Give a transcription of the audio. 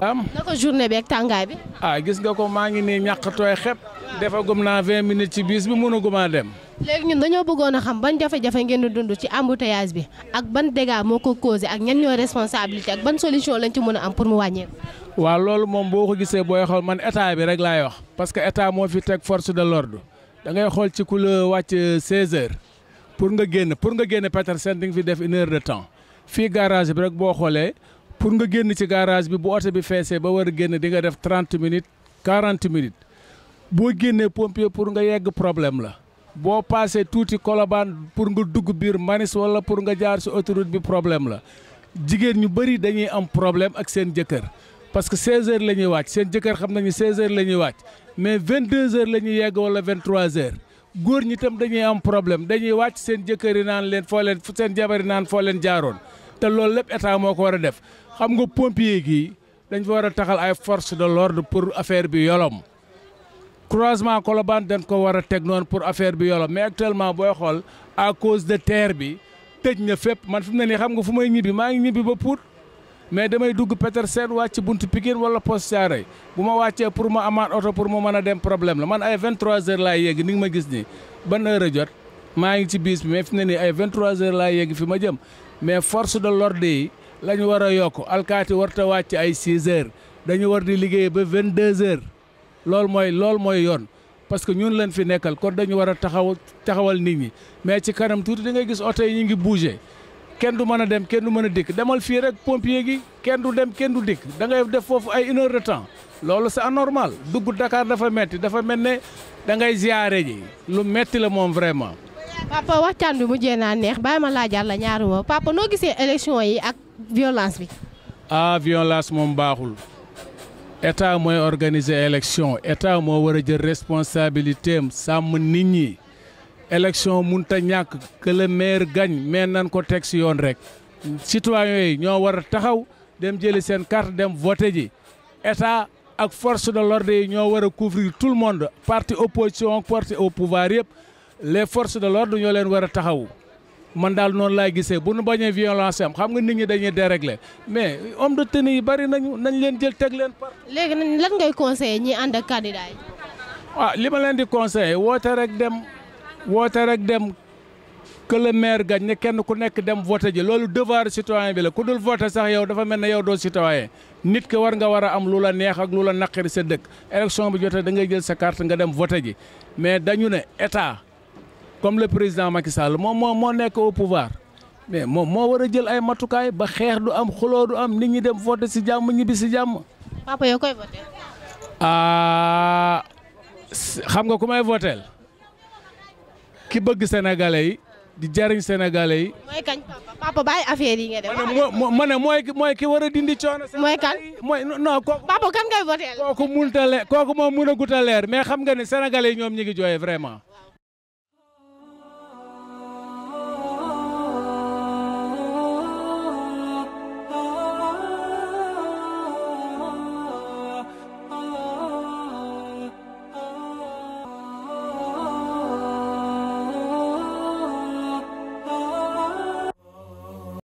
am naka journée bi ak tàngaay bi. Ah, gis nga ko maa ngi nii ñàkk tooy xep. defagum naa 20 minutes ci bis bi mënuguma dem. léegi ñun dañoo bëggoon a xam ban jafe-jafe ngeen di dund ci embouteillage bi ak ban dégâts moo ko causé ak ñan ñoo responsabilité ak ban solution lañ ci mën a am pour mu wàññeeku. waaw loolu moom boo ko gisee booy xool man état bi rek laay wax parce que état moo fi teg force de l'ordre da ngay xool ci ku la wàcc 16 heures pour nga génn pour nga génn Petersen di nga fi def une heure de temps fii bi rek boo xoolee. pour nga génn ci garage bi bu oto bi feesee ba war a génn di nga def trente minutes quarante minutes boo génnee pompier pour nga yegg problème la boo paasee tuuti kolobaan pour nga dugg biir manis wala pour nga jaar si autoroute bi problème la jigéen ñu bëri dañuy am problème ak seen jëkkër parce que 16 heures la ñuy wàcc seen jëkkër xam nañu 16 heures la ñuy wàcc mais 22 heures la ñuy yegg wala 23 heures góor ñi tam dañuy am problème dañuy wàcc seen jëkkër yi naan leen foo leen seen jabar yi naan foo leen jaaroon te loolu lépp état moo ko war a def xam nga pompier gi dañ fa war a taxal ay force de l'ordre pour affaire bi yolom croisement Colobane dañ ko war a teg noonu pour affaire bi yolom mais actuellement booy xol à cause de terre bi tëj na fépp man fi ne nii xam nga fu may ñibbi maa ngi ñibbi ba Pout mais damay dugg Petersen wàcc buntu Pikine wala Poste Thiaroye bu ma wàccee pour ma amaat oto pour ma mën a dem problème la man ay 23h laay yegg ni nga ma gis nii ban heure jot maa ngi ci biis bi mais fi ne nii ay 23h laay yegg fi ma jëm mais force de l'ordre yi lañ war a yokk alkaati warta wàcc ay 6 heures dañu war di liggéey ba 22 heures loolu mooy lool mooy yoon parce que ñun lañ fi nekkal kon dañu war a taxaw taxawal nit ñi mais ci kanam tuuti da ngay gis oto yi ñu ngi bouger kenn du mën a dem kenn du mën a dikk demal fii rek pompier gi kenn du dem kenn du dikk da ngay def foofu ay une heure de temps loolu c'est anormal dugg Dakar dafa metti dafa mel ne da ngay ziyaare ji lu metti la moom vraiment. papa waxtaan bi mujjee naa neex violence bi. ah violence moom baaxul. état mooy organiser élection état moo war a jël responsabilité sàmm nit ñi élection mënut a ñàkk que maire gagne mais nan ko teg si yoon rek. citoyens yooyu ñoo war a taxaw dem jëli seen carte dem voté ji état ak force de l'ordre yi ñoo war a couvrir tout le monde parti opposition parti au pouvoir yëpp les force de l'ordre ñoo leen war a taxaw. man daal noonu laa gisee bu nu bañee violence am xam nga nit ñi dañuy dérégler mais homme de tenue yi bari nañu nañ leen jël teg leen par. léegi lan ngay conseillé ñi ànd ak candidat yi. ah li ma leen di conseillé woote rek dem woote rek dem que le maire gagne kenn ku nekk dem vote ji loolu devoir citoyen bi le ku dul vote sax yow dafa mel ne yow doo citoyen nit ki war nga war a am lu la neex ak lu la naqari sa dëkk élection bi jotee da jël sa carte nga dem vote ji mais dañu ne état. comme le président Macky Sall moom moo moo nekk au pouvoir mais moo moo war a jël ay matukaay ba xeex du am xuloo du am nit ñi dem voté si jàmm ñibbi si jàmm. papa yow koy voté. Ah, xam nga ku may voteel ki bëgg sénégalais yi di jariñ sénégalais yi. mooy kañ papa papa bàyyi affaire yi nga mooy mooy ki war a dindi coono. mooy kan mooy non kooku. papa kan ngay voteel. kooku mënut a kooku moo mun a gut a leer mais xam nga ne sénégalais yi ñoom ñi ngi jooyee vraiment.